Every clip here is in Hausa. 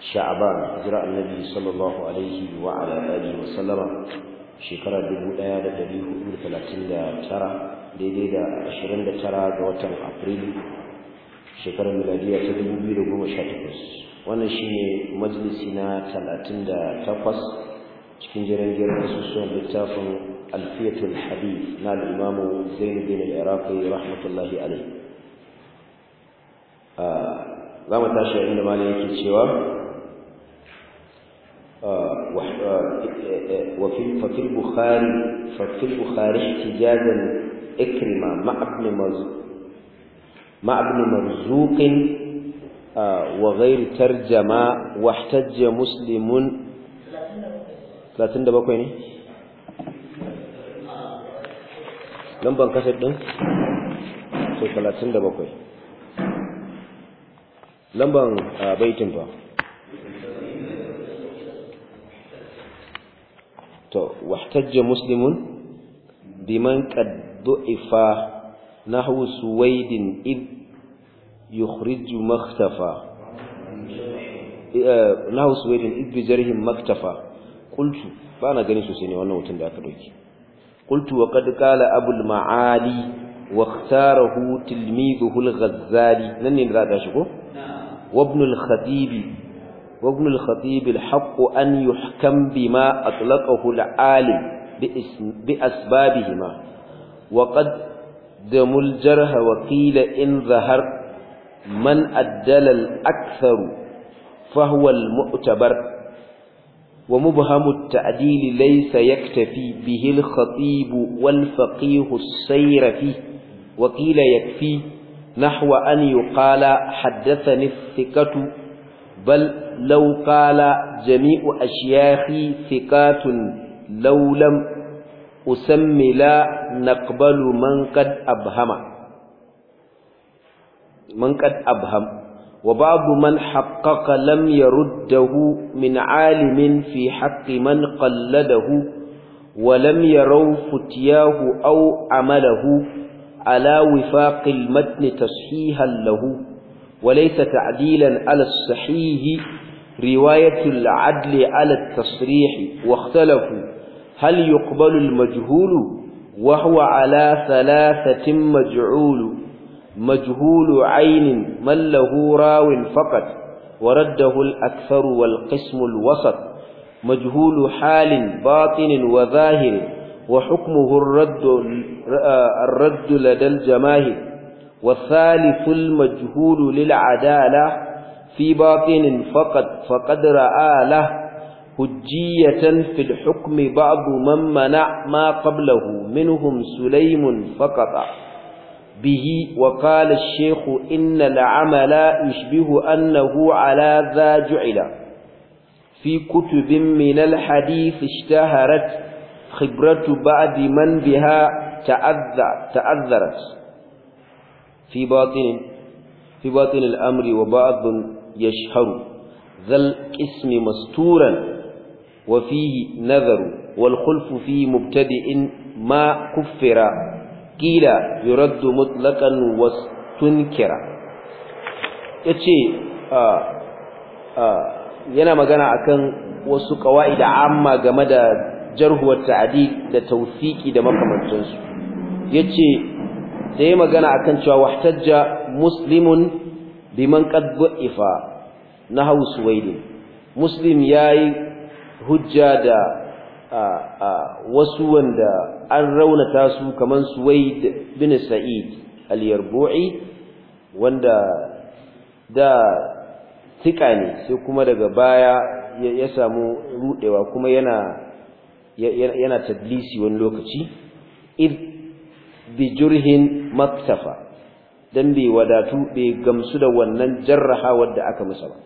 sha'aban hijira annabi sallallahu alaihi wa ala alihi wa sallama shekara 1439 daidai da 29 ga watan afrilu shekarar miladiya ta 2018 wannan shine majalisi na 38 cikin jiran jiran asusuwan littafin alfiyatul hadith na al'imamu zainu bin al'iraqi rahmatullahi alaihi za mu tashi inda malam yake cewa وفي ففي البخاري ففي البخاري احتجاجا اكرم مع ابن مرزوق مع ابن مرزوق وغير ترجمة واحتج مسلم 37 ني lamban كاسيت din 37 lamban بيتين ba واحتج مسلم بمن قد ضعف نحو سويد إذ يخرج مختفى آه، نحو سويد إذ بجره مختفى قلت فأنا قلت سيني وأنا أتنبع تلوك قلت وقد قال أبو المعالي واختاره تلميذه الغزالي نني نرى داشكو نعم. وابن الخطيب وابن الخطيب الحق أن يحكم بما أطلقه العالم بأسبابهما وقد دم الجرح وقيل إن ظهر من أدل الأكثر فهو المؤتبر ومبهم التعديل ليس يكتفي به الخطيب والفقيه السير فيه وقيل يكفي نحو أن يقال حدثني الثقة بل لو قال جميع أشياخي ثقات لو لم أسمي لا نقبل من قد أبهم من قد أبهم وبعض من حقق لم يرده من عالم في حق من قلده ولم يروا فتياه أو عمله على وفاق المتن تصحيها له وليس تعديلا على الصحيح رواية العدل على التصريح واختلفوا هل يقبل المجهول وهو على ثلاثة مجعول مجهول عين من له راو فقط ورده الأكثر والقسم الوسط مجهول حال باطن وظاهر وحكمه الرد, آه، الرد لدى الجماهر والثالث المجهول للعدالة في باطن فقد فقد رأى له هجية في الحكم بعض من منع ما قبله منهم سليم فقط به وقال الشيخ إن العمل يشبه أنه على ذا جعل في كتب من الحديث اشتهرت خبرة بعض من بها تأذرت في باطن في باطن الأمر وبعض يشهر ذا الاسم مستورا وفيه نذر والخلف في مبتدئ ما كفر قيل يرد مطلقا واستنكر yace yana magana akan wasu qawaida amma game da jarhuwar ta'did da tawfiki da makamantansu yace da ya magana a kan cewa wahtajja muslimun biman qad ifa na hausuwaidi muslim yayi hujja da wasu wanda an raunata su kaman suwaid bin sa'id al-yarbu'i wanda da tika ne sai kuma daga baya ya samu rudewa kuma yana yana tadlisi wani lokaci id bijurhin maktafa dan bai wadatu bai gamsu da wannan jarraha wadda aka masa ba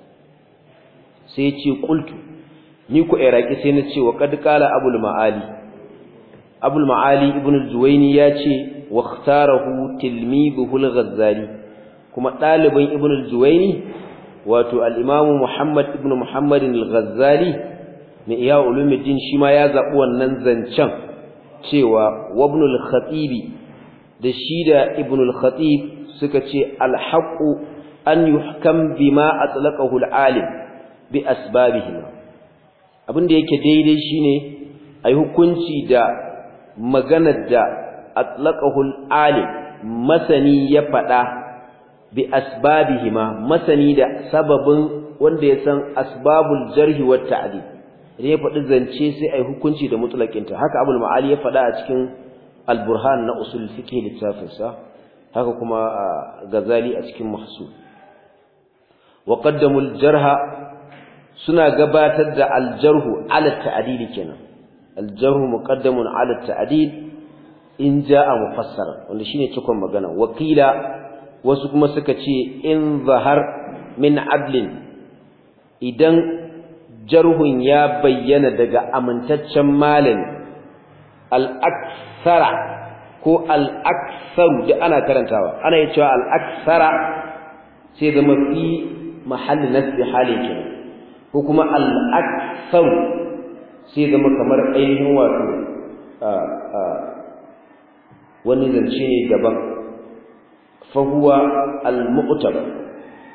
sai ya ce qultu ni ku iraki sai na ce wa qad qala abul maali abul maali ibn al ya ce wa ikhtarahu tilmibuhu al kuma dalibin ibn al wato al-imam muhammad ibn muhammad al mai iya ulumuddin shi ma ya zaɓi wannan zancen cewa wabnul khatibi da shi da ibn al-khatib suka ce al-haqqu an yuhkam bima atlaqahu al-alim bi asbabihi abin da yake daidai shine ai hukunci da maganar da atlaqahu al-alim masani ya fada bi ma. masani da sababin wanda ya san asbabul jarhi wat ta'dil ya faɗi zance sai ai hukunci da mutlakinta haka abul ma'ali ya fada a cikin al-burhan na usul fiqh littafinsa haka kuma gazali a cikin mahsul wa jarha suna gabatar da al-jarhu ala ta'dil kenan al-jarhu muqaddamun ala ta'dil in jaa mufassara wanda shine cikon magana wakila wasu kuma suka ce in zahar min adlin idan jarhun ya bayyana daga amintaccen malami Al'aksara ko al'aksaru da ana karantawa ana yi cewa al'aksara aksara sai zama fi mahalli nasbi hali kenan ko kuma al'aksaru aksaru da zama kamar ainihin wato wani zance ne daban fa huwa al-mu'tabar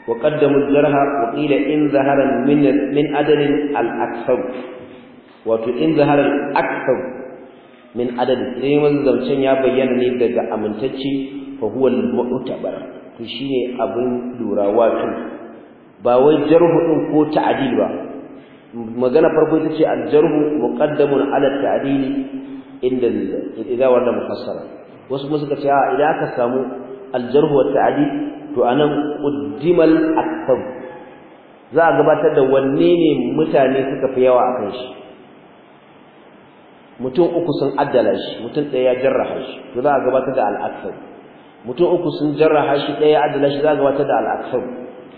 وقدموا الجرح وقيل إن ظهر من من أدل الأكثر وإن ظهر الأكثر min adad sai zancen ya bayyana ne daga amintacce fa huwa al-mu'tabar to shine abin lura wato ba wai jarhu din ko ta'dil ba magana farko ita ce al-jarhu muqaddamun ala ta'dil inda idza wala mufassara wasu kuma suka ce a idan aka samu al-jarhu wa ta'dil to anan quddimal akthar za a gabatar da wanne ne mutane suka fi yawa akan shi mutum uku sun addala shi mutum ɗaya ya jarraha shi to za a gabatar da al'aksar mutum uku sun jarraha shi ɗaya ya addala shi za a gabatar da al'aksar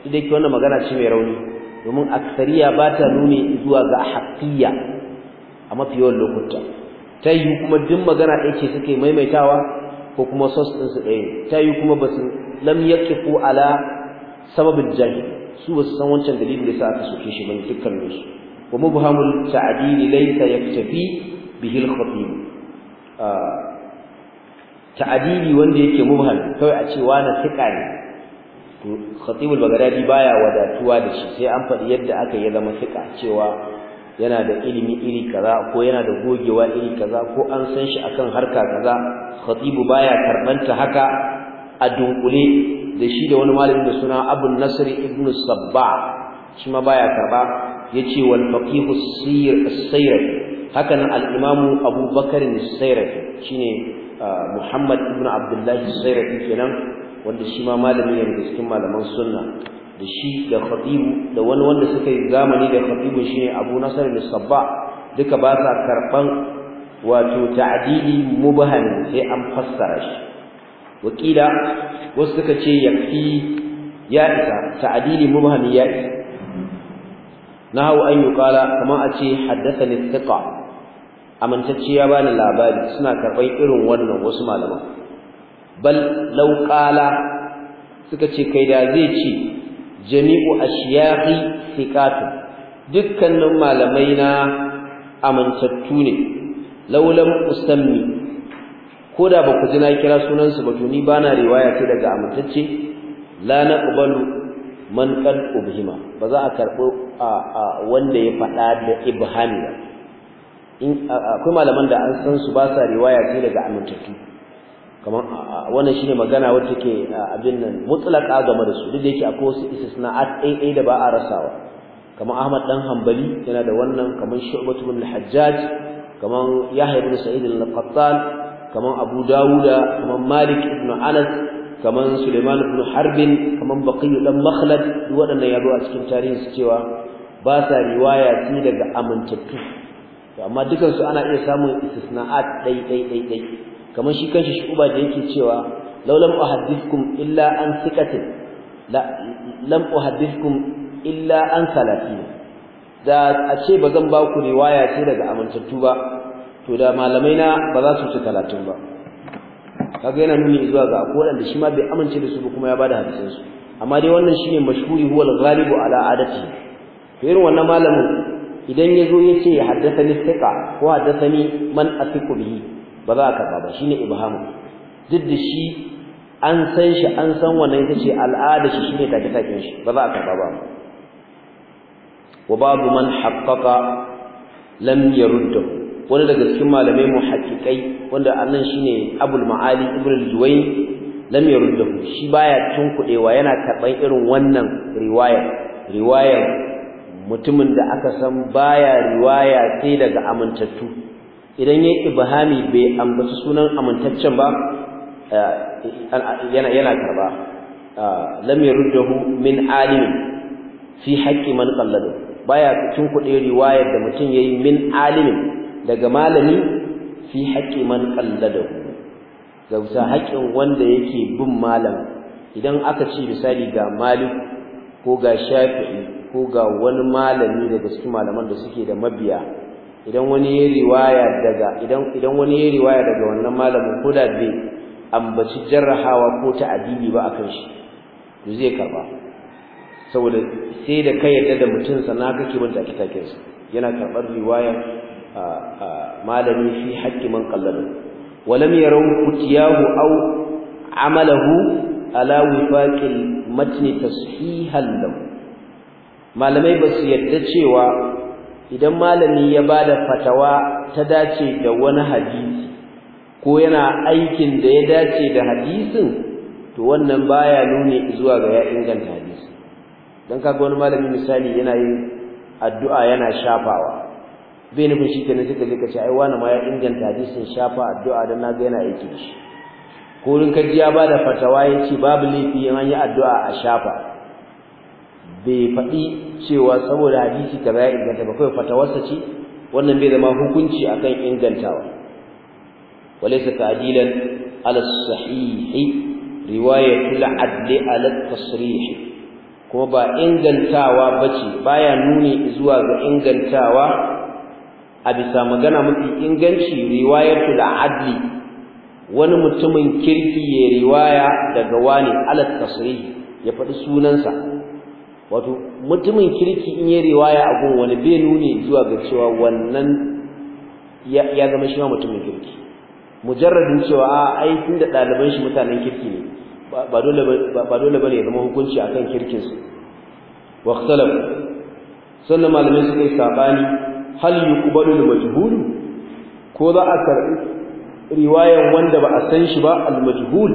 duk da yake wannan magana ce mai rauni domin aksariya ba ta nuni zuwa ga haƙƙiya a mafi yawan lokuta ta yi kuma duk magana ɗaya ce suke maimaitawa ko kuma sos ɗin su ɗaya ta yi kuma ba su lam yaqifu ala sababin jahili su ba su san wancan dalilin da sa aka soke shi bane dukkan su wa mubhamul ta'dili laysa yaktafi bihi al-khatib ah, wanda yake mubham kawai a cewa na tika ne to khatibul bagdadi baya wadatuwa da shi sai an faɗi yadda aka yi zama tika cewa yana da ilimi iri kaza ko yana da gogewa iri kaza ko an san shi akan harka kaza khatibu baya karbanta haka a dunkule da shi da wani malamin da suna Abu nasri ibnu Sabba shi ma baya karba yace wal faqihu sir as hakanan al-imamu Abu Bakar as-Sayrafi shine ah, Muhammad ibn abdullahi as-Sayrafi kenan wanda shi ma malami ne daga cikin malaman sunna da shi da khatibu da wani wanda suka yi zamani da khatibu ne Abu Nasr da sabba duka ba sa karban wato ta'dili mubham sai an fassara shi wakila wasu suka ce yakfi ya isa ta'dili mubham ya isa nahu an yuqala kama a ce haddasa thiqa ya bani labari suna karɓar irin wannan wasu malaman bal law suka ce kai da zai ce jami'u ashyaqi thiqatu dukkanin malamai na amintattu ne laulam usammi ko da ba ku ji na kira sunansu ba to ni ba na riwaya ce daga amintacce la naqbalu man kan ubhima ba za a karɓi wanda ya faɗa da ibhami ba akwai malaman da an san su ba sa riwaya ce daga amintattu kamar wannan shine magana wacce ke abin nan mutlaqa game da su duk da yake akwai wasu istisna'at ɗaiɗai da ba a rasawa kamar Ahmad dan Hanbali yana da wannan kamar Shu'bah ibn al-Hajjaj kamar Yahya ibn Sa'id al-Qattan kamar Abu Dawuda kamar Malik ibn Anas kamar Sulaiman ibn Harbin kamar Baqi dan Makhlad duk waɗannan ya zo a cikin tarihin su cewa ba sa riwaya ce daga amintattu to amma dukan su ana iya samun istisna'at dai dai dai dai kamar shi kanshi uba da yake cewa laulam uhaddithukum illa an thiqatin la lam uhaddithukum illa an salatin da a ce bazan ba ku riwaya ce daga amintattu ba to da malamai na ba za su ci talatin ba kaga yana nuni zuwa ga ko da shi ma bai amince da su ba kuma ya bada hadisin su amma dai wannan shine mashhuri huwal ghalibu ala adati to irin wannan malamin idan ya zo ya ce ya haddasa ni siƙa ko haddasa ni man asiku bihi ba za ka ba shine ibhamu duk da shi an san shi an san wannan ita ce al'ada shi shine take take shi ba za ka ba ba wa babu man haqqaqa lam yaruddu wani daga cikin malamai mu haƙiƙai wanda annan shine abul ma'ali ibn al-juwayn lam yaruddu shi baya tunkudewa yana karban irin wannan riwaya riwayar mutumin da aka san baya riwaya sai daga amintattu idan yayi ibhami bai ambaci sunan amintaccen ba eh, yana yana karba eh, lam yurduhu min alim fi haqqi man qallada baya cikin kudi riwayar da mutum yayi min alimin daga malami fi haqqi man qallada ga haƙƙin wanda yake bin malam idan aka ci misali ga malik ko ga shafi'i ko ga wani malami daga cikin malaman da suke da mabiya idan wani ya riwaya daga idan idan wani ya riwaya daga wannan malamin ko da bai ambaci jarrahawa ko ta ta'dili ba akan shi to zai karba saboda sai da kai yadda da mutun sana kake bin take sa yana karbar riwaya malami fi haqqi man qallala lam yaraw kutiyahu aw amalahu ala wifaqil matni tashihan lahu malamai ba su yarda cewa idan malami ya bada fatawa ta dace da wani hadisi ko yana aikin da ya dace da hadisin to wannan baya nuni zuwa ga ya inganta hadisi dan kaga wani malami misali yana yi addu'a yana shafawa bai nufin shi kenan suka je ka ce ai wani ma ya inganta hadisin shafa addu'a dan naga yana aiki ko rin kaji ya bada fatawa ya ce babu laifi in an yi addu'a a shafa bai faɗi cewa saboda hadisi ta ya inganta ba kawai fatawarsa ce wannan bai zama hukunci akan ingantawa walaysa ta'dilan ala sahihi riwayatul adli ala tasrih kuma ba ingantawa bace baya nuni zuwa ga ingantawa a bisa magana mafi inganci riwayatul adli wani mutumin kirki ya riwaya daga wani ala tasrih ya faɗi sunansa wato mutumin kirki in yi riwaya a gun wani bai nuni zuwa ga cewa wannan ya zama shi ma mutumin kirki mujarradin cewa a aikin da ɗaliban shi mutanen kirki ne ba dole ba ne zama hukunci akan kirkinsu waktalaf sannan malamai suka yi saɓani hal yi baɗo da ko za a karɓi riwayan wanda ba a san shi ba al-majhul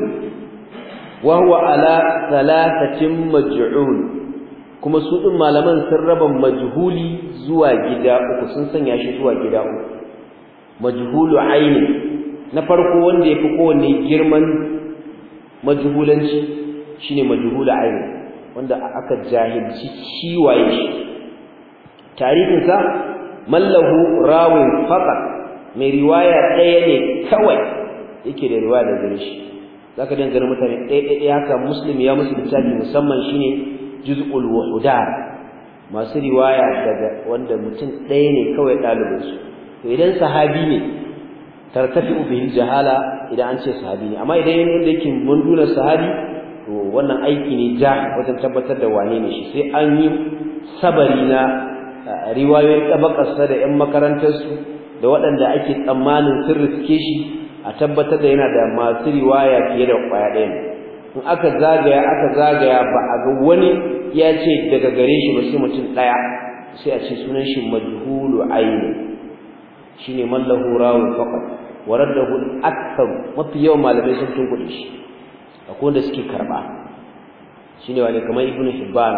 wa huwa ala thalathatin maj'ul kuma su ɗin malaman sun raba majuhuli zuwa gida uku sun sanya shi zuwa gida uku majihulu aini na farko wanda ya fi kowane girman shi shine majihulu aini wanda aka jahilci kiwaye shi tarihinsa mallahu rawin faqat mai riwaya ɗaya ne kawai yake da riwaya da gare shi zaka ka dangane mutane ɗaya ɗaya haka Musulmi ya musu littafi musamman shi ne. juz'ul wuhudat masu riwaya daga wanda mutum ɗaya ne kawai su, to idan sahabi ne tartafi bihi jahala idan an ce sahabi ne amma idan yana wanda yake mundunar sahabi to wannan aiki ne ja wajen tabbatar da wane ne shi sai an yi sabari na riwayoyin tabakarsa da 'yan makarantarsu da waɗanda ake tsammanin sun riske shi a tabbatar da yana da masu riwaya fiye da kwaya ɗaya in aka zagaya aka zagaya ba a ga wani ya ce daga gare shi ba sai mutum ɗaya sai a ce sunan shi madhulu aini shine man lahu rawu faqat wa raddahu akthar mafi yawan malamai sun tunkuɗe shi akwai wanda suke karba shine wani kamar ibnu hibban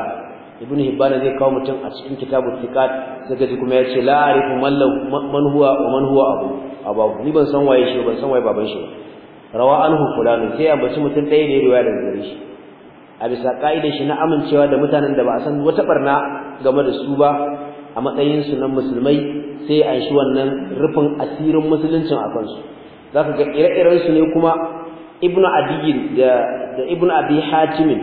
ibnu hibban zai kawo mutum a cikin kitabu thiqat sai ji kuma ce la arifu man lahu man huwa wa man huwa abu abu ni ban san waye shi ban san waye baban shi rawa anhu fulanu sai an ambaci mutum ɗaya ne riwaya daga gare shi a bisa ka'idar shi na amincewa da mutanen da ba a san wata barna game da su ba a matsayin su na musulmai sai an shi wannan rufin asirin musuluncin a kansu zaka ga ire-iren su ne kuma ibnu adiyin da da ibnu abi hatimin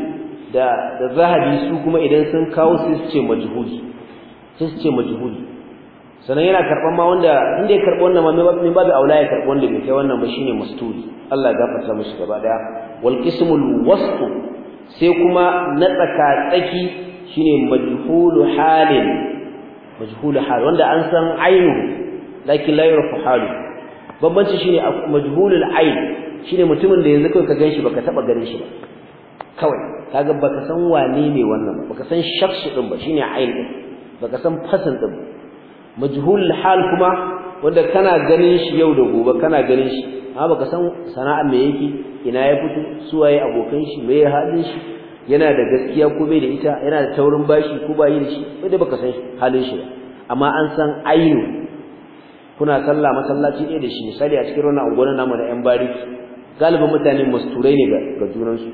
da da zahabi su kuma idan sun kawo sai su ce majhul sai su ce sannan yana karban ma wanda inda ya karbi wannan ma min babu aula ya karbi wanda bai kai wannan ba shine masturi Allah ya gafarta mushi gaba daya wal qismul wasf sai kuma na tsaka tsaki shine majhulu halin majhulu hal wanda an san ainu lakin la yurafu halu babbanci shine majhulul ain shine mutumin da yanzu kai ka ganshi baka taba ganin shi ba kawai kaga baka san wane ne wannan baka san shakhsi din ba shine ain din baka san fasin din ba majhul hal kuma wanda kana ganin shi yau da gobe kana ganin shi amma baka san sana'ar me yake ina ya fito suwaye abokan shi me ya halin shi yana da gaskiya ko bai da ita yana da taurin bashi ko bai da shi wanda baka san halin shi ba amma an san ayyu kuna sallah masallaci ɗaya da shi misali a cikin wannan ungwana namu da yan bariki galibin mutane masturai ne ga junansu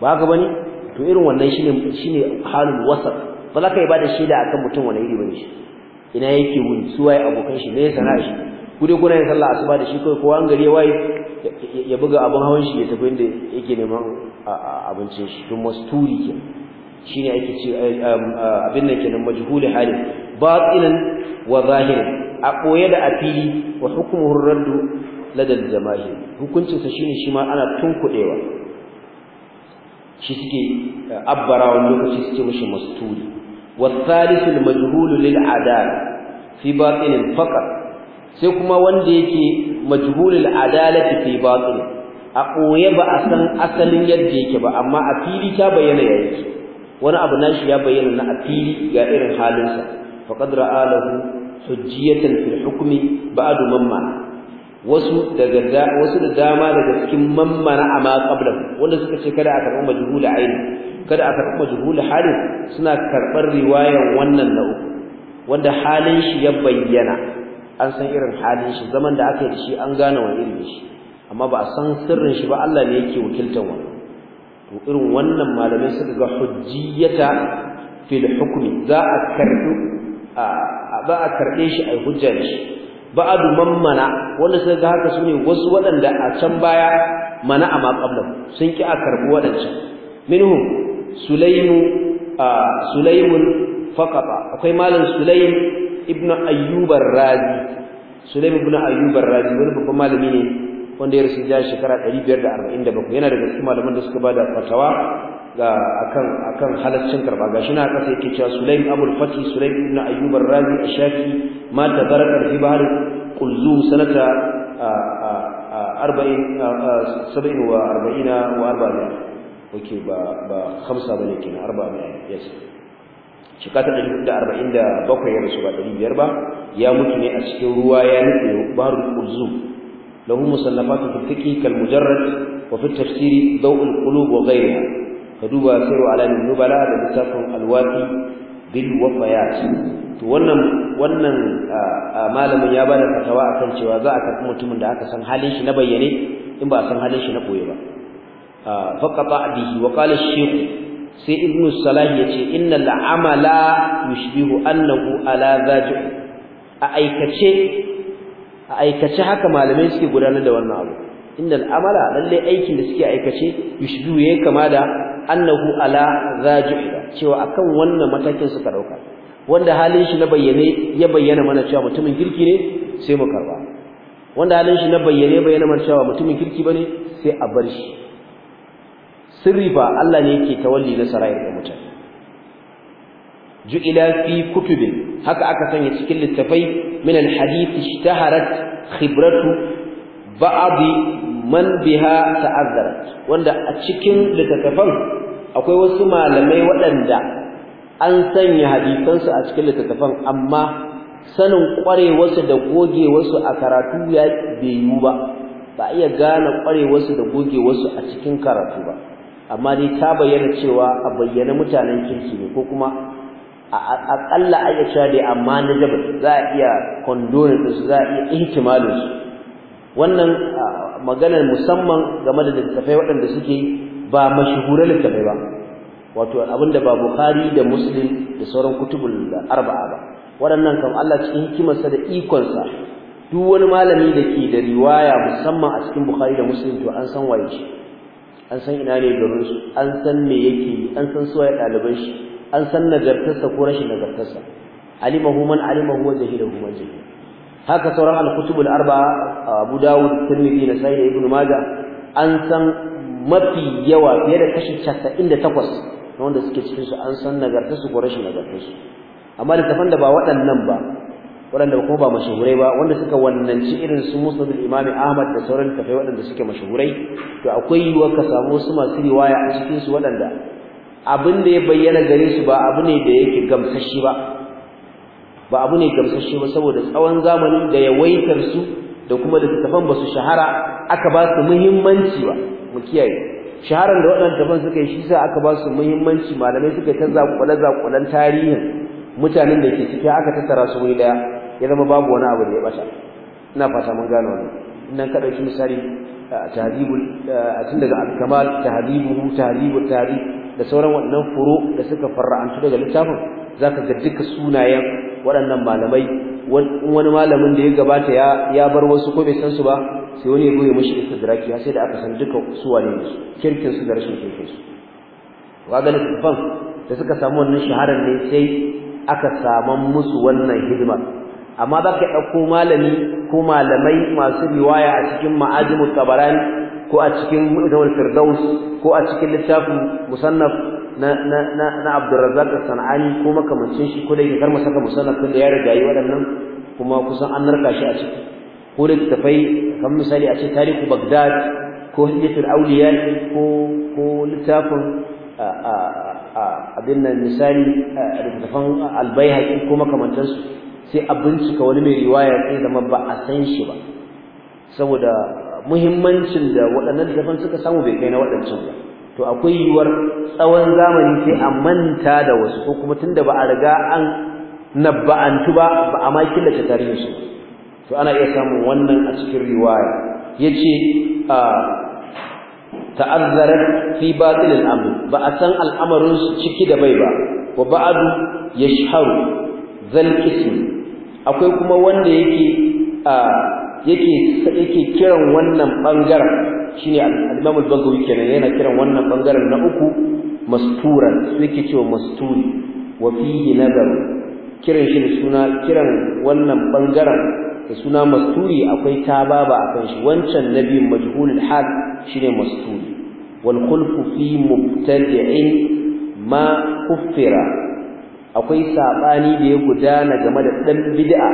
ba ka bane to irin wannan shine shine halin wasat ba za ka yi ba da a kan mutum wani iri bane shi ina yake wuni su waye abokan shi me ya sana'a shi ku kuna yin sallah asuba da shi kai kowa an gari waye ya buga abin hawan shi ya tafi inda yake neman abincin shi to masturi ke ne ake ce eh, eh, eh, abin nan kenan majhuli halin batinan wa zahirin a koye da a fili wa hukumar raddu ladal jama'i hukuncin sa shine shi ma ana tunkudewa shi suke abbara wani lokaci suke masu masturi والثالث المجهول للعدالة في باطن فقط sai kuma wanda yake majhulul adalati fi batin a koye ba a san asalin yadda yake ba amma a fili ta bayyana yake wani abu nashi ya bayyana na a fili ga irin halinsa faqad ra'alahu hujjatan fil hukmi ba'du mamma wasu daga wasu da dama daga cikin mammana a ma wanda suka ce kada a karɓi majhul aini kada a karɓi majhul halin suna karɓar riwayar wannan na uku wanda halin shi ya bayyana an san irin halin shi zaman da aka yi da shi an gane wani irin shi amma ba a san sirrin shi ba Allah ne yake wakiltar wani to irin wannan malamai suka ga hujjiyata fil hukmi za a karɓi za a karɓe shi ai hujja da shi ba'adu mammana mana wanda sai ga haka sune wasu waɗanda a can baya mana a maƙablan sun ki a karbu waɗancan minhum sulaimu sulaimun faqata akwai malam sulaym ibnu ayyubar razi sulaym ibnu ayyubar razi wani babban malami ne wanda ya rasu da shekara 547 yana daga cikin malaman da suka bada fatawa ga akan akan halaccin karba gashi na kasa yake cewa Sulaim Abul Fati Sulaim ibn Ayyub ar-Razi ash-Shafi ma tabaraka fi bahr qulzu sanata 40 okay ba ba bane yes ya rasu ba 500 ba ya mutu ne a cikin ruwa ya nufi ruwa qulzu له مصنفات في الفقه كالمجرد وفي التفسير ضوء القلوب وغيرها فدوبا bala على النبلاء alwafi الوافي بالوفيات to wannan wannan malamin ya bada fatawa akan cewa za a tafi mutumin da aka san halin shi na bayyane in ba a san halin shi na koyi ba faqata bihi wa qala shaykh sai ibnu salah yace innal amala yushbihu annahu ala zaji a aikace a aikace haka malamai suke gudanar da wannan abu inda al'amala lalle aikin da suke aikace yushbihu ya kama da annahu ala raji'a cewa akan wannan matakin suka dauka wanda halin shi na bayyane ya bayyana mana cewa mutumin kirki ne sai mu karba wanda halin shi na bayyane bayyana mana cewa mutumin kirki bane sai a bar shi sirri fa Allah ne yake tawalli na sarayar da mutane ju'ila fi kutubin haka aka sanya cikin littafai min alhadith ishtaharat khibratu ba'd man biha ta'azzarat wanda a cikin littafan akwai wasu malamai waɗanda an sanya hadisansu a cikin littafan amma sanin ƙwarewarsu da gogewarsu a karatu ya bai yiwu ba a iya gane ƙwarewarsu da gogewarsu a cikin karatu ba amma dai ta bayyana cewa a bayyana mutanen kirki ne ko kuma aƙalla ayyacca dai amma na jabal za a iya kondonin su za a iya ihtimalin su wannan maganar musamman game da littattafai waɗanda suke ba mashahurar littattafai ba wato abinda ba bukhari da muslim da sauran kutubul arba'a ba waɗannan kam Allah cikin hikimarsa da ikonsa duk wani malami da ke da riwaya musamman a cikin bukhari da muslim to an san waye shi an san ina ne garin su an san me yake an san suwaye ɗaliban shi an san nagartarsa ko rashin nagartarsa alimahu man alimahu wa jahilahu man jahil haka sauran al-kutub al-arba'a Abu Dawud Tirmidhi da Sahih Ibn Majah an san mafi yawa fiye da kashi 98 na wanda suke cikin su an san nagartarsu ko rashin nagartarsu amma littafan da ba waɗannan ba waɗanda kuma ba mashahurai ba wanda suka wannanci irin su musnad al-imam ahmad da sauran tafai waɗanda suke mashahurai to akwai yiwuwar ka samu wasu masu riwaya a cikin su waɗanda abin da ya bayyana gare su ba abu ne da yake gamsashi ba ba abu ne gamsashi ba saboda tsawon zamanin da ya waitar su da kuma da tafan ba su shahara aka ba su muhimmanci ba mu kiyaye shaharar da waɗannan tafan suka yi shi sa aka ba su muhimmanci malamai suka yi ta zakulan zakulan tarihin mutanen da ke ciki aka tattara su wuri daya ya zama babu wani abu da ya ɓata, ina fata mun gano wannan nan ka dauki misali tahdibul tun daga al-kamal tahdibuhu tahdibul tahdib da sauran waɗannan furo da suka farra'antu daga littafin za ka ga duka sunayen waɗannan malamai wani malamin da ya gabata ya bar wasu ko bai san su ba sai wani ya goye da rakiya sai da aka san duka su wane ne su kirkin su da rashin kirkin su wa ga littafin da suka samu wannan shaharar ne sai aka saman musu wannan hidimar amma za ka ɗauko malami ko malamai masu riwaya a cikin ma'ajimu tabarani ko a cikin mu'jamul firdaus ko a cikin littafin musannaf na na na na Abdurrazzaq sanani ko makamancin shi ko da yake karma saka musannaf din da ya riga yi waɗannan kuma kusan an narka shi a ciki ko littafai kamar misali a ce tarihu Baghdad ko hadisul awliya ko ko littafin abin nan misali littafan albayhaqi ko makamantansu sai abinci ka wani mai riwaya sai zama ba a san shi ba saboda muhimmancin da waɗannan littafan suka samu bai kai na waɗancan ba to akwai yiwuwar tsawon zamani sai a manta da wasu ko kuma tunda ba a riga an nabba'antu ba ba a ma killace tarihinsu to ana iya samun wannan a cikin riwaya Ya a ah, ta'azzarar fi batil al ba a san al'amarin su ciki da bai ba wa ba'adu yashharu zal akwai kuma wanda yake a ah, yake yake kiran wannan bangaren shine al-Imam al-Baghawi kenan yana kiran wannan bangaren na uku masturan yake cewa masturi wa fihi nadar kiran shi suna kiran wannan bangaren da suna masturi akwai tababa akan shi wancan nabi al hal shine masturi wal khulfu fi mubtadi'in ma kufira akwai sabani da ya gudana game da dan bid'a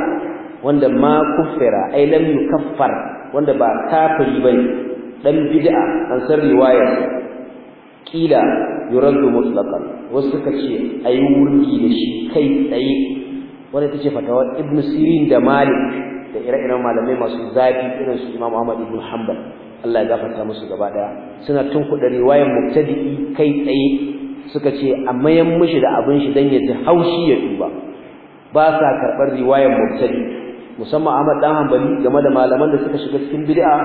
wanda ma kufira ai lam yukaffar wanda ba kafiri bane dan bid'a an san riwaya kila yuraddu mutlaqan wasu ka ce ayi wurgi da shi kai tsaye wanda tace fatawar ibn sirin da malik da ire-iren malamai masu zafi irin su imam ahmad ibn hanbal Allah ya gafarta musu gaba daya suna tunkuda riwayar mubtadi'i kai tsaye suka ce a mayan mishi da abin shi dan ya ji haushi ya duba ba sa karɓar riwayar mubtadi musamman Ahmad dan Hanbali game da malaman da suka shiga cikin bid'a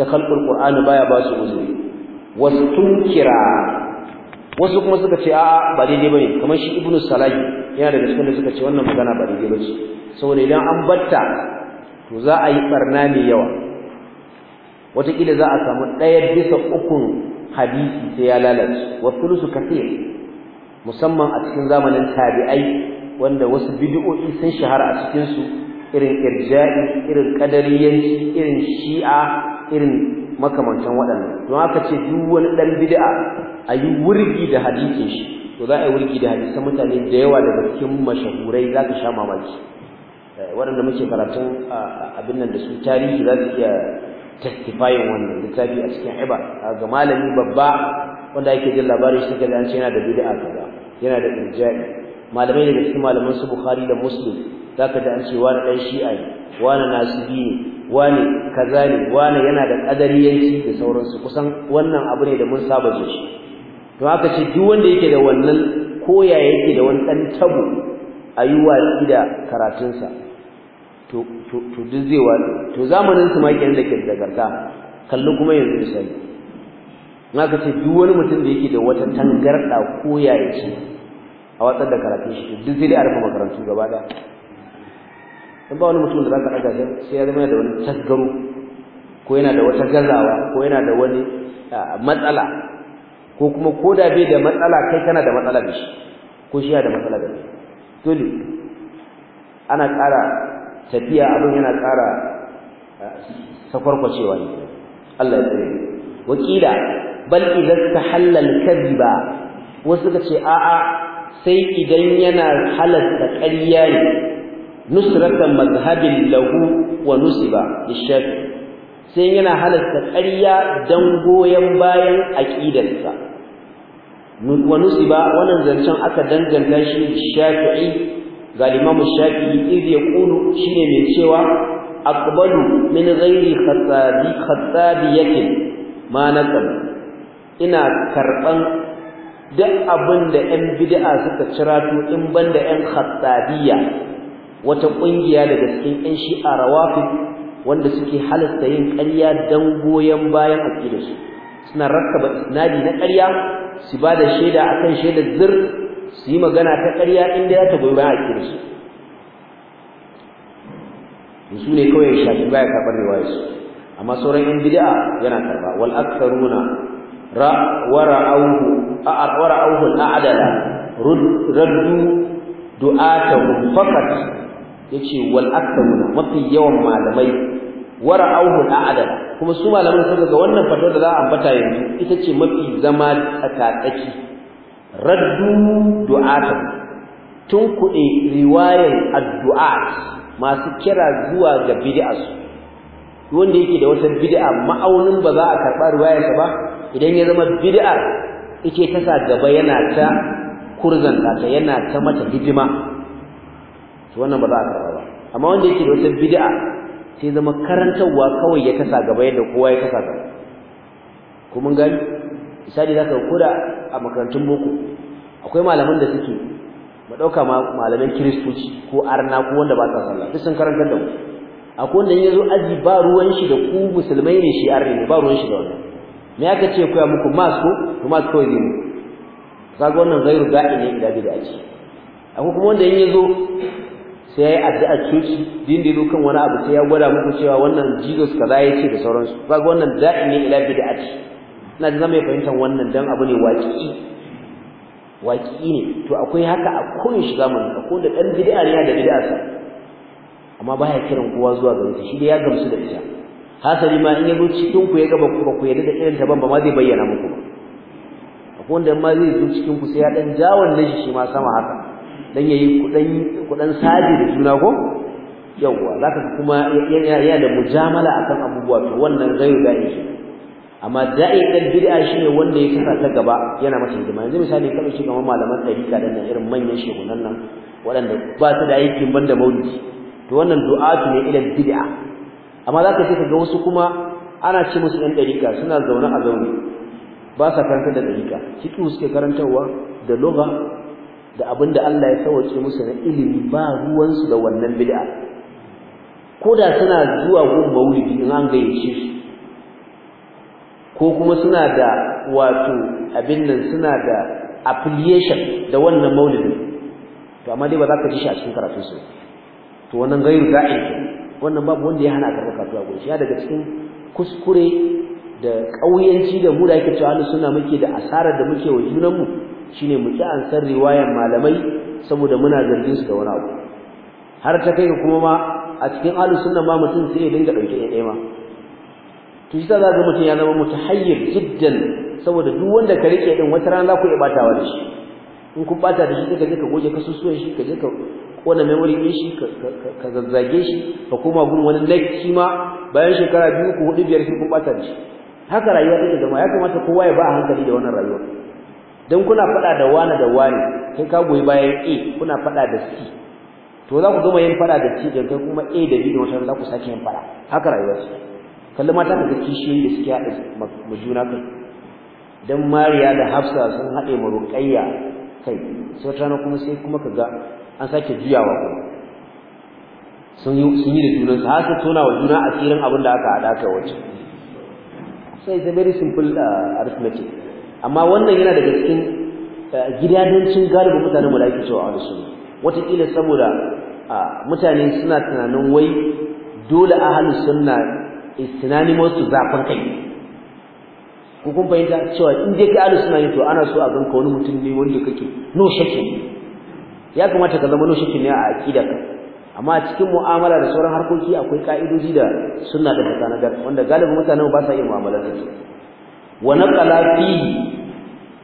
ta kalbul Qur'ani baya ba su uzuri wasu tunkira wasu kuma suka ce a'a ba daidai bane kamar shi Ibn Salahi yana da cikin da suka ce wannan magana ba daidai bace saboda idan an batta to za a yi barna mai yawa wataƙila za a samu ɗaya bisa ukun hadisi sai ya lalace wa thuluthu kafir musamman a cikin zamanin tabi'ai wanda wasu bid'o'i sun shahara a cikin su irin irja'i irin kadariyanci irin shi'a irin makamantan waɗannan don haka ce duk wani ɗan bid'a a yi wurgi da hadisin shi to za a yi wurgi da hadisan mutane da yawa daga cikin mashahurai za ka sha mamaki eh, waɗanda muke karatun abin nan da su tarihi za su iya testifying wannan littafi a cikin iba ga malami babba wanda ake jin labarin shi kaza an ce yana da bid'a kaza yana da irja'i malamai daga cikin malaman su bukhari da muslim zaka ji an ce wani dan shi'a ne wani nasibi ne wani kaza ne wani yana da yanci da sauransu kusan wannan abu ne da mun saba jin shi to haka ce duk wanda yake da wannan koya yake da wani dan tabo a yi watsi da karatunsa to to duk zai wa to zamanin su ma kenan da ke da garta kalli kuma yanzu sai. na ka ce duk wani mutum da yake da wata tangarɗa koya yaya ce a watsar da karatun shi duk zai da a makarantu gaba da? in ba wani mutum da zaka daga sai ya zama da wani tasgaro ko yana da wata gazawa ko yana da wani matsala ko kuma ko da bai da matsala kai kana da matsala da shi ko shi ya da matsala da shi ne ana ƙara tafiya abin yana ƙara sakwarkwacewa ne Allah ya tsare wakila bal idza tahalla al-kadhiba wasu kace a'a sai idan yana halarta ƙarya ne nusratan mazhabin lahu wa nusiba lishafi sai yana halasta ƙarya dan goyen bayan aqidarsa wa nusiba wannan zancen aka danganta shi shafi'i ga imamu shafi'i iz yaqulu shine mai cewa aqbalu min ghairi khatabi yakin, ma naqab ina karban duk abin da 'yan bid'a suka cirato in banda 'yan khatabiya wata kungiya daga cikin ƴan shi'a rawafi wanda suke halasta yin ƙarya don goyon bayan aqidarsu suna rakkaba isnadi na ƙarya su ba da shaida a kan shaidar zir su yi magana ta ƙarya inda ya ta goyi bayan aqidarsu su ne kawai shafi baya karɓar riwayarsu amma sauran yan bid'a yana karɓa wal aktharuna ra wara'uhu a'adala raddu du'atahum fakat yace wal aktharuna mafi yawan malamai wara'ahu a'dala kuma su malamin sun ga wannan fatawar da za a ambata yanzu ita ce mafi zama tsakatsaki raddu du'a tun kuɗe riwayar addu'a masu kira zuwa ga bid'asu wanda yake da wata bid'a ma'aunin ba za a karɓa riwayarsa ba idan ya zama bid'ar yake ta sa gaba yana ta kurzanta ta yana ta mata hidima wannan ba za a karɓa ba amma wanda yake da wata bid'a sai zama karantarwa kawai ya kasa gaba yadda kowa ya kasa gaba ko mun gani misali zaka koda a makarantun boko akwai malaman da suke mu dauka malaman kristoci ko arna ko wanda ba sa sallah duk sun karanta da mu akwai wanda yazo aji ba ruwan shi da ku musulmai ne shi arne ba ruwan shi da wannan me aka ce koya muku mas ko to mas ko zai kaga wannan gairu da'i ne da aji. akwai kuma wanda yazo sai ya yi addu'a coci din kan wani abu sai ya gwada muku cewa wannan jesus kaza ya ce da sauransu ba ga wannan da'i ne ila bid'ati ina da zama ya fahimtar wannan dan abu ne waƙi waƙi ne to akwai haka a kowane shiga mun ko da dan bid'a ne da bid'a sa amma baya kiran kowa zuwa gare ta shi da ya gamsu da ita hasali ma in ya zo cikin ku ya ga ba ku yarda da irin ta ban ba ma zai bayyana muku ba akwai wanda ma zai zo cikin ku sai ya dan jawon na shi ma sama haka dan yayi kudan kudan saji da juna ko yawwa zaka kuma yana da mujamala akan abubuwa to wannan zai ga shi. amma da'i dan bid'a shine wanda ya kasa ta gaba yana masa hidima yanzu misali ka shi kamar malaman tarika dan nan irin manyan shehunan nan waɗanda ba su da aikin banda maulidi to wannan du'atu ne ila bid'a amma zaka ce ga wasu kuma ana ce musu ɗan ɗarika suna zaune a zaune ba sa karanta da ɗarika Kitu suke karantarwa da lugha da abin da Allah ya sauke musu na ilimi ba ruwansu da wannan bid'a Koda suna zuwa gun maulidi in an gayyace su ko kuma suna da wato abin nan suna da affiliation da wannan maulidi to amma dai ba za ka ji shi a cikin karatun su to wannan gairu da'in wannan babu wanda ya hana karɓar karatu a gurin shi daga cikin kuskure da ƙauyanci da mu da yake cewa suna muke da asarar da muke wa junanmu shine mu ki an san riwayar malamai saboda muna zargin su da wani abu har ta kai kuma ma a cikin ahlus sunna ma mutum sai ya dinga dauke ɗaya ma to shi za mutum ya zama mutahayyir jiddan saboda duk wanda ka rike din wata rana za ku ibatawa da shi in kun bata da shi ka je ka goge kasusuwan shi ka je ka kona memory din shi ka zazzage shi ka koma gun wani laifi ma bayan shekara biyu ku hudu biyar sai kun bata da shi haka rayuwa take zama ya kamata kowa ya ba hankali da wannan rayuwa Don kuna fada da wani da wani kai ka goyi bayan A kuna fada da C to za ku gama yin fada da C da kai kuma A da B da wata za ku sake yin fada haka rayuwar su kalli mata ka kishiyoyi da suke haɗa mu juna kai dan Mariya da Hafsa sun haɗe mu Ruqayya kai sai ta kuma sai kuma kaga an sake juyawa kuma sun yi sun yi da junan sa har tona wa juna asirin abin da aka haɗa kai wace sai it's a very simple uh, arithmetic amma wannan yana daga cikin eh, gidadancin galibin mutanen mu da ake cewa a sunna wataƙila saboda mutane suna tunanin wai dole ahlus sunna is synonymous to zafin kai ko kun fahimta cewa in dai ka ahlus sunna to ana so a ganka wani mutum ne wanda kake no shakin ya kamata ka zama no shakin ne a ka amma a cikin mu'amala da sauran harkoki akwai ka'idoji da sunna da ta wanda galibin mutane ba sa yin da su wa naqala fihi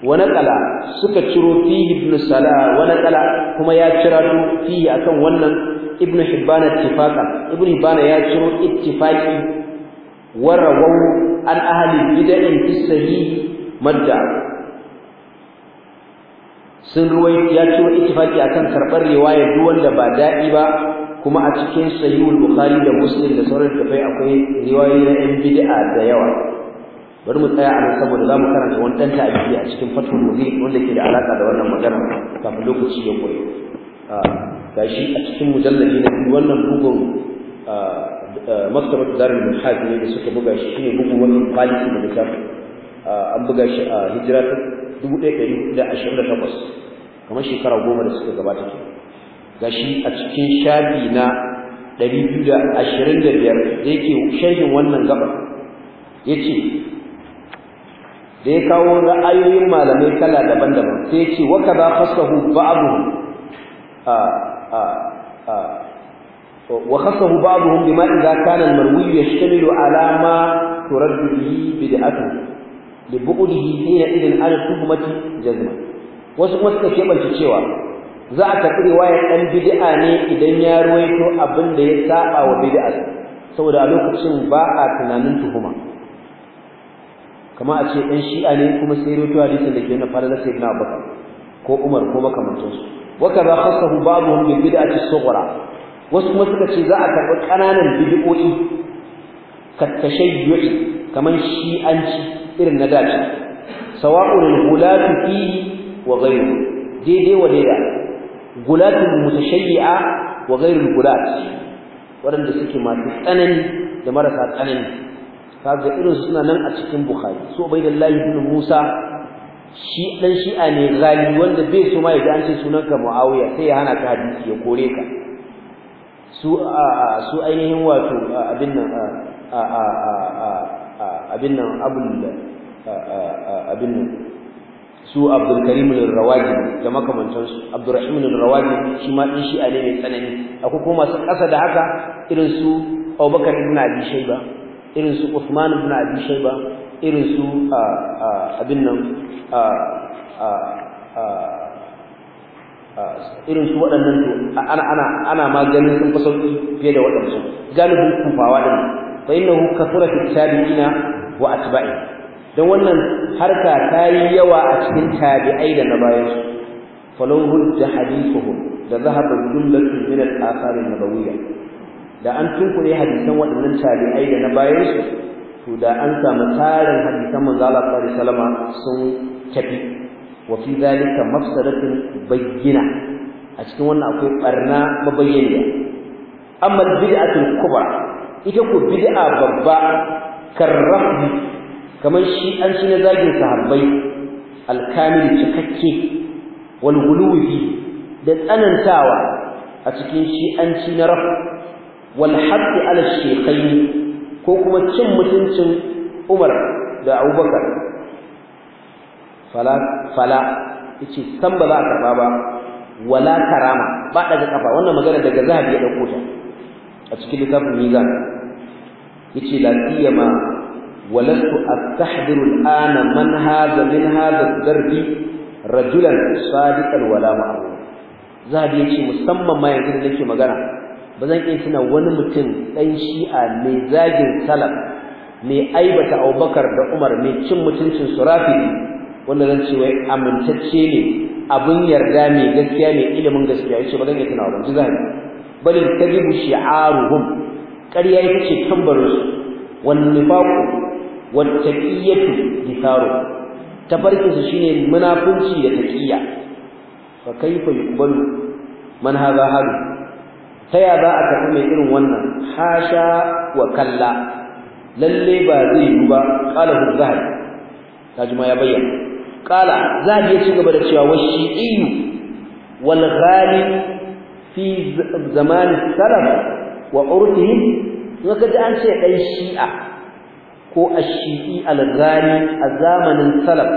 wa naqala suka ciro fihi ibn salah wa naqala kuma ya cira fihi akan wannan ibn hibban ittifaqa ibn hibban ya ciro ittifaqi wa rawu al ahli bid'in fi sahih madda sun ruwai ya ciro ittifaqi akan karbar riwaya duk wanda ba da'i ba kuma a cikin sahihul bukhari da muslim da sauran kafai akwai riwaya na bid'a da yawa bari mu tsaya a nan saboda za mu karanta wani ɗan ta'abiri a cikin fatul mubi wanda ke da alaƙa da wannan magana kafin lokaci ya kure ah, gashi a cikin mujallali na biyu wannan bugun ah, maktabar darul mulhaji ne da suka buga shi shine bugun wannan kwaliki da ta ah, an buga shi a hijira ta dubu ɗaya ɗari da ashirin da takwas kamar shekara goma da suka gabata ke gashi a cikin shafi na ɗari biyu da ashirin da biyar da yake sharhin wannan gaba ya ce da ya kawo ra'ayoyin malamai kala daban-daban sai ya ce wa kaza fasahu ba'dhum a a a wa khassahu ba'dhum bima idza kana al-marwi yashtamilu ala ma turaddu bihi bid'atuhu li bu'dihi hina idin ala tuhmati jazma wasu kuma suka kebance cewa za a karɓi riwayar ɗan bid'a ne idan ya ruwaito abin da ya saba wa bid'a saboda a lokacin ba a tunanin tuhuma kama a ce ɗan shi'a ne kuma sai rawaito hadisin da ke nuna falalar sayyidina abubakar ko umar ko makamantansu za khassahu ba'dhum bil bid'ati sughra wasu kuma suka ce za a karɓi ƙananan bid'o'i katashayyu'i kaman shi'anci irin na dace sawa'ul gulatu fihi wa ghayru daidai wa daida gulatul mutashayyi'a wa ghayrul gulat waɗanda suke masu tsanani da marasa tsanani kaga irin suna nan a cikin bukhari so ubaidullahi ibn musa shi dan shi'a ne gali wanda bai so ma ya an ce sunanka muawiya sai ya hana ka hadisi ya kore ka su su ainihin wato abin nan abin nan abul abin nan su abdul karim al-rawaji da makamantan su abdurrahim al-rawaji shi ma din shi'a ne mai tsanani akwai kuma masu kasa da haka irin su abubakar ibn abi shayba irin su Uthman ibn Abi Shayba irin su abin nan irin su waɗannan ana ana ana maganin sun kusa fiye da waɗansu galibin kufawa din fa innahu kathura fi tabi'ina wa atba'i dan wannan harka ta yi yawa a cikin tabi'ai da na bayan su falau da hadithuhum da zahaba jumlatun min al-athar an-nabawiyya da an tunkure hadisan waɗannan tabi'ai da na bayan su to da an samu tarin hadisan manzo Allah sallallahu alaihi wasallam sun tafi wa fi zalika mafsadatun bayyina a cikin wannan akwai barna mabayyana amma bid'atul kubra ita ko bid'a babba karrafi kamar shi an shi na zagin sahabbai alkamil cikakke wal guluwi da tsanantawa a cikin shi an na rafu wal Ali ala shaykhayn ko kuma cin mutuncin Umar da Abubakar fala fala san ba za ka ba ba wala karama ba daga kafa wannan magana daga zahabi ya dauko ta a cikin littafin mizan yace la siyama walastu astahdiru al'ana man hadha min hadha darbi rajulan sadiqan wala ma'ruf zahabi yace musamman ma yanzu da nake magana ba zan iya tuna wani mutum ɗan shi'a mai zagin salaf mai aibata abubakar da umar mai cin mutuncin surafi wanda zan ce wai amintacce ne abin yarda mai gaskiya mai ilimin gaskiya Ya ce ba zan iya tuna ba ji zahiri bal kadibu shi'aruhum ƙarya ita ce tambarin su wan nifaqu wat taqiyatu Ta tafarkin su shine munafunci da taqiya fa yi yuqbalu man hadha hadu ta ya za a karɓi mai irin wannan hasha wa kalla lalle ba zai yi ba Ƙala, hu zahabi ya bayyana qala zahabi ya ci gaba da cewa wa shi'i wal ghali fi zaman salaf wa urfihim ka ji an ce ɗan shi'a ko a shii al-ghali a zamanin salaf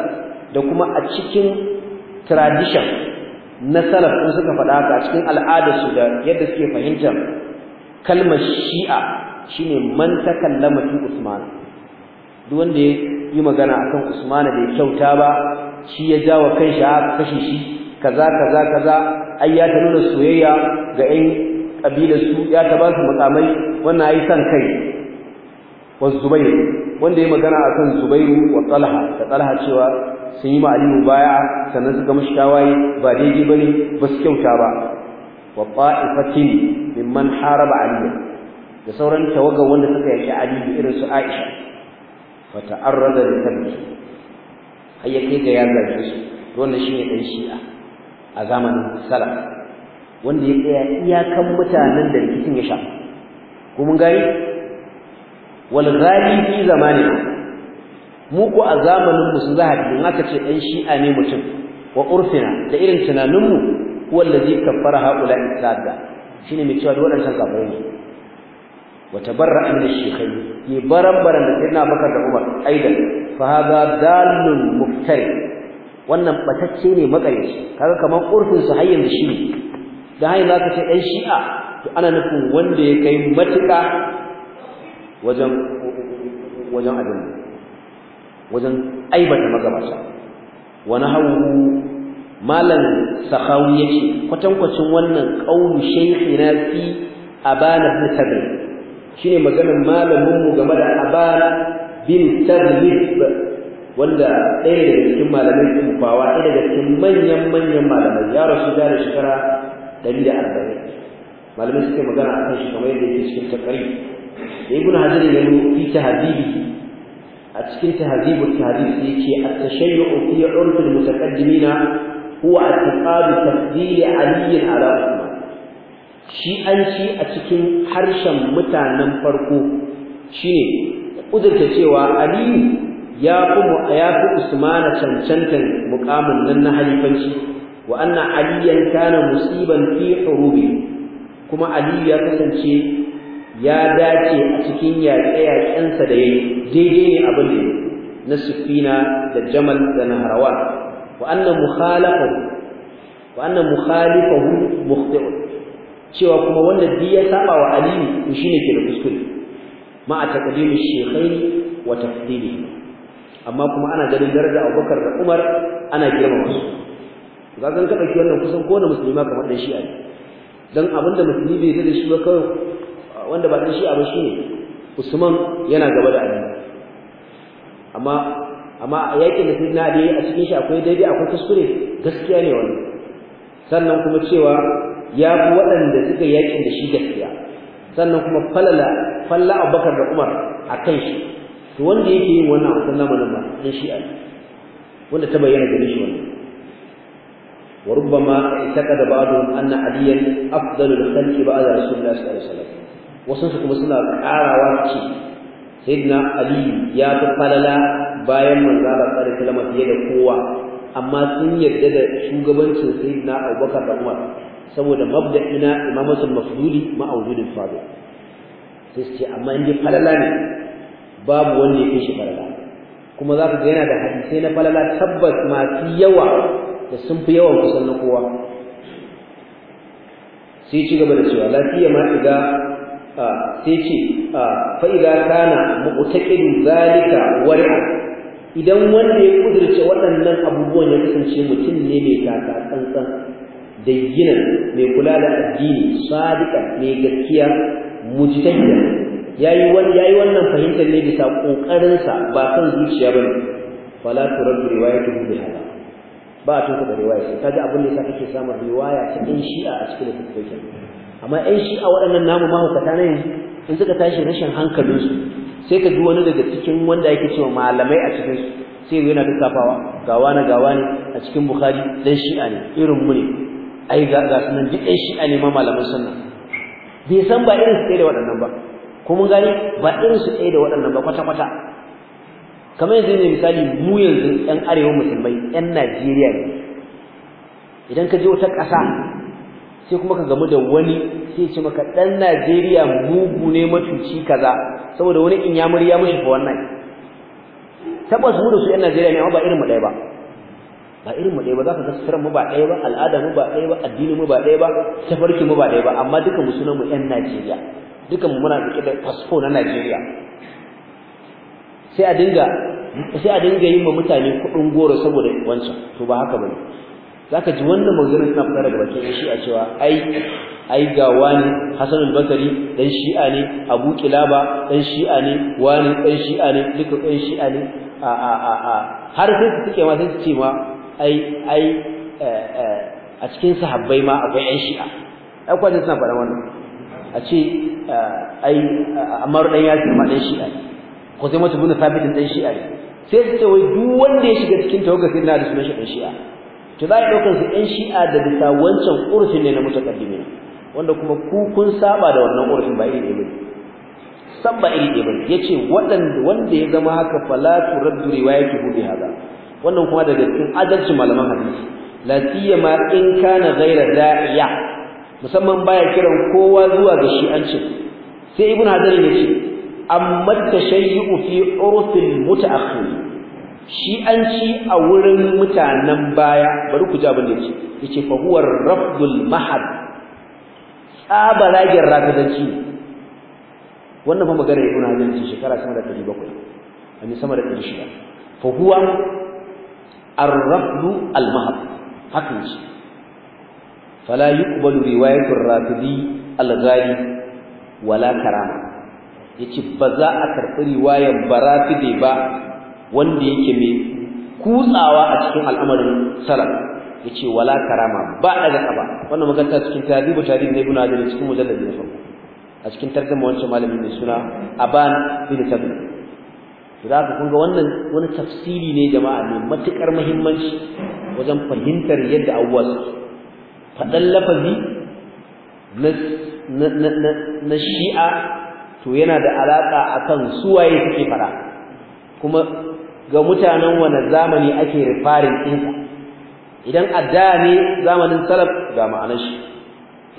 da kuma a cikin tradition na salaf sun suka faɗa haka a cikin al'adarsu da yadda suke fahimtar kalmar shi'a shine man takallama fi usman duk wanda ya yi magana akan usman da ya kyauta ba shi ya jawo kanshi a kashe shi kaza kaza kaza ai ya ta nuna soyayya ga 'yan kabilar ya ta ba su mukamai wannan ai san kai wa zubair wanda ya magana a kan Zubairu wa Talha da Talha cewa sun yi ma'alimu baya sannan suka mashi tawaye ba daidai bane ba su kyauta ba wa ta'ifatin mimman haraba aliya da sauran tawaga wanda suka yaki Aliyu irin su Aisha fa ta'arrada li sabbi har ya kai ga ya zage su wannan shine dan Shi'a a zamanin salaf wanda ya tsaya iyakan mutanen da rikicin ya sha ko mun gani wal ghali fi zamani mu ko a zamanin mu sun zahabi in aka ce dan shi'a ne mutum wa urfina da irin tunanin mu wallazi kaffara haula isadda shine mai cewa wadannan kafirai ne wa tabarra'a min ash-shaykhayn yi barambaran da sayyidina Bakar da Umar aidan fa hadha dalun muftari wannan batacce ne makarici kaga kamar urfin su hayyan da shi da hayyan zaka ce dan shi'a to ana nufin wanda ya kai matuƙa wajen wajen abin wajen aibata magabata wa nahawu malam ya ce, kwatankwacin wannan qaulu shaykhina fi abana ibn tabir shine maganar malamin mu game da abana bin tabir wanda ɗaya daga cikin malamai sun fawa ɗaya daga cikin manyan manyan malamai ya rasu da shekara 140 malamai suke magana akan shi kamar yadda yake cikin takari da ibn hajar ya yi fi tahdibi a cikin tahdibu tahdib sai yake at-tashayyu fi urf al-mutaqaddimin huwa at-taqad tafdil ali ala usman shi an ci a cikin harshen mutanen farko shine kudurta cewa ali ya fi ya fi usman cancantan muqamin nan na halifanci wa anna aliyan kana musiban fi hurubi kuma ali ya kasance ya dace a cikin yaƙe-yaƙensa da yayi daidai ne abin da na sufina da jamal da naharawa wa anna mukhalafahu wa anna mukhalifahu mukhti'un cewa kuma wanda duk ya saba wa aliyu shine ke da kuskure ma a taqdimi shaykhain wa tafdilihi amma kuma ana ganin daraja Abubakar da Umar ana girmama su ga kan ka dauki wannan kusan kowane musulma kamar dan shi'a dan abinda musulmi bai da shi ba kawai wanda ba dan shi ne shine Usman yana gaba da Ali amma amma yakin da Sayyidina Ali a cikin shi akwai daidai akwai kuskure gaskiya ne wani, sannan kuma cewa ya fi waɗanda suka yakin da shi gaskiya sannan kuma falala falla Abubakar da Umar kan shi to wanda yake yin wannan a sallama nan ba dan shi Ali wanda ta bayyana gare shi wannan وربما اعتقد بعضهم أن عليا أفضل الخلق بعد رسول الله صلى الله عليه وسلم wasu su kuma suna karawa ce sayyidina ali ya fi falala bayan manzo Allah sallallahu alaihi fiye da kowa amma sun yarda da shugabancin sayyidina Abubakar da Umar saboda mabda'ina imamatul mafduli ma'awdudul fadu sai ce amma in dai falala ne babu wanda ya fi shi falala kuma za ka ga yana da hadisai na falala tabbas masu yawa da sun fi yawan kusan na kowa sai ci gaba da cewa lafiya ma iga sai ce fa'ila kana mu'taqidu zalika war'a idan wanda ya kudurce waɗannan abubuwan ya kasance mutum ne mai taka tsantsan da gina mai kula da addini sadiqa mai gaskiya mujtahidan yayi wani wannan fahimtar ne bisa kokarin ba kan zuciya bane fala turaddu riwayatuhu bi hada ba a tunka da riwaya sai kaga abin da yasa kake samun riwaya ta in shi'a a cikin littafin amma ai shi a waɗannan namu mahaukata na yanzu in suka tashi rashin hankalinsu sai ka ji wani daga cikin wanda yake cewa malamai a cikin su sai yana lissafawa gawa na gawa ne a cikin bukhari dan shi'a ne irin mu ne ai ga ga sunan duk dan shi'a ne ma malaman sunna bai san ba irin su da waɗannan ba ko mun gane ba irin su da waɗannan ba kwata kwata kamar yanzu ne misali mu yanzu ɗan arewa musulmai ɗan najeriya ne idan ka je wata ƙasa sai kuma ka gamu da wani sai ce maka dan Najeriya mugu ne matuci kaza saboda wani in ya murya mishi fa wannan tabbas mu da su yan Najeriya ne amma ba irin mu ɗaya ba ba irin mu ɗaya ba ka ga suturan mu ba ɗaya ba al'ada mu ba ɗaya ba addini mu ba ɗaya ba tafarki mu ba ɗaya ba amma duka mu sunan mu yan Najeriya dukkan mu muna rike da fasfo na Najeriya sai a dinga sai a dinga yin ma mutane kuɗin goro saboda wancan to ba haka bane zaka ji wannan maganganun suna fita daga bakin a cewa ai ai ga wani Hassan al bakari dan shi'a ne Abu Kilaba dan shi'a ne wani dan shi'a ne duka dan shi'a ne a a a a har sai su suke ma sai su ce ma ai ai eh, eh, a cikin sahabbai ma akwai ƴan shi'a ai kwatin suna fara wannan a ce eh, ai Ammar dan ce ma dan shi'a ne Khuzaimah ibn Thabit dan shi'a ne sai su ce wai duk wanda ya shiga cikin tawakkal sai na da sunan shi'a to za ya daukar su ɗan shi'a da bisa wancan urfin ne na mutaqaddimi wanda kuma ku kun saba da wannan urfin ba iri ɗaya sabba iri ɗaya Ya yace waɗanda wanda ya zama haka fala turaddu riwayatuhu bi hada wannan kuma daga cikin adalci malaman hadisi la ma in kana ghayra da'iya musamman baya kiran kowa zuwa ga shi'ancin sai ibn hadar yace amma tashayyu fi urfil mutaakhir shi an ci a wurin mutanen baya bari ku ja abin da yace fa huwa rabbul mahad tsabaragen rafidanci wannan fa magana ibn hazm shekara sama da 700 ani sama da 600 fa huwa ar rabbu al-mahad hakan shi fala yuqbalu riwayatu ar-rafidi al-ghali wala karama yace ba za a karbi riwayar barafidi ba wanda yake mai kutsawa a cikin al'amarin salaf yace wala karama ba daga kaba wannan magana cikin tarihi tarihi ne ibn adil cikin mujallad ne farko a cikin tarjuma wancan malamin ne suna aban bin tabi da ka kunga ga wannan wani tafsiri ne jama'a ne matukar muhimmanci wajen fahimtar yadda awwa suke fadan lafazi na shi'a to yana da alaka akan suwaye suke fara kuma ga mutanen wani zamani ake rifarin ɗinsa idan a da ne zamanin salaf ga ma'anar shi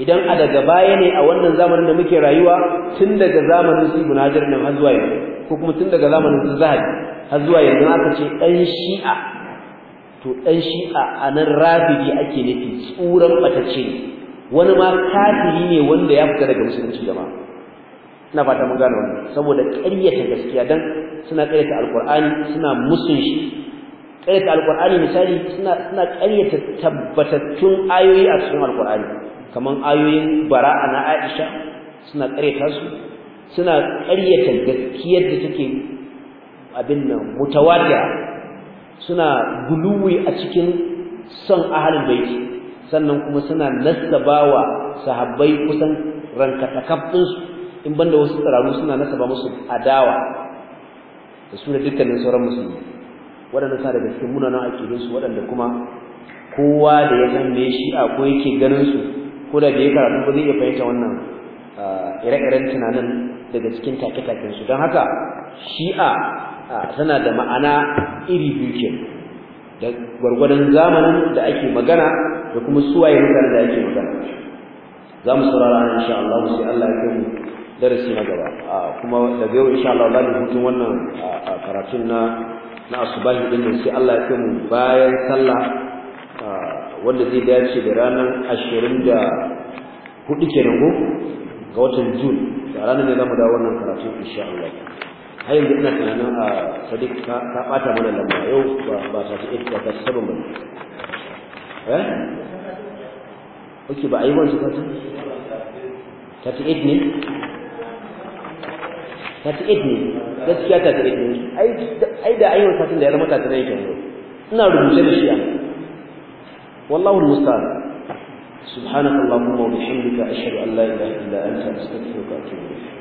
idan a daga baya ne a wannan zamanin da muke rayuwa tun daga zamanin su ibn hajar nan har zuwa yanzu ko kuma tun daga zamanin su zahabi har zuwa yanzu aka ce ɗan shi'a to ɗan shi'a a nan rafidi ake nufi tsuran ɓatacce ne wani ma kafiri ne wanda ya fita daga musulunci jama'a ina fata mun gane wannan saboda ƙaryata gaskiya dan suna ƙaryata alqur'ani suna musun shi ƙaryata alqur'ani misali suna suna ƙaryata tabbatattun ayoyi a cikin alqur'ani Kamar ayoyin bara'a na Aisha suna ƙaryata su suna ƙaryata gaskiyar da take abin nan mutawadda suna guluwi a cikin son ahlul bayti sannan kuma suna nasabawa sahabbai kusan rankatakaffin su in banda wasu tsararru suna nasaba musu adawa da su da dukkanin sauran musulmi waɗanda suna daga cikin munanan aƙidunsu waɗanda kuma kowa da ya san me shi'a ko yake ganin su ko da ya karatu ba zai iya fahimta wannan ire-iren tunanin daga cikin take-taken su don haka shi'a tana da ma'ana iri biyu ke da gwargwadon zamanin da ake magana da kuma suwaye mutane da ake magana za mu saurara insha Allah sai Allah ya kai mu darasi na gaba kuma daga yau insha Allah za hutun wannan karatun na na asubahi din nan sai Allah ya kai mu bayan sallah wanda zai dace da ranar 24 kenan ko ga watan June da ranar ne zamu dawo wannan karatun insha Allah har yanzu ina tunanin a Sadiq ka bata mana lamba yau ba ta ci ita ta saba ba eh Oke ba a yi wani 38 ne 38 ne gaskiya 38 ne ai da ayyukan satin da ya zama 39 kenan ina rubuce da shi a wallahu almusta'an subhanakallahumma wa bihamdika ashhadu an la ilaha illa anta astaghfiruka wa atubu ilayk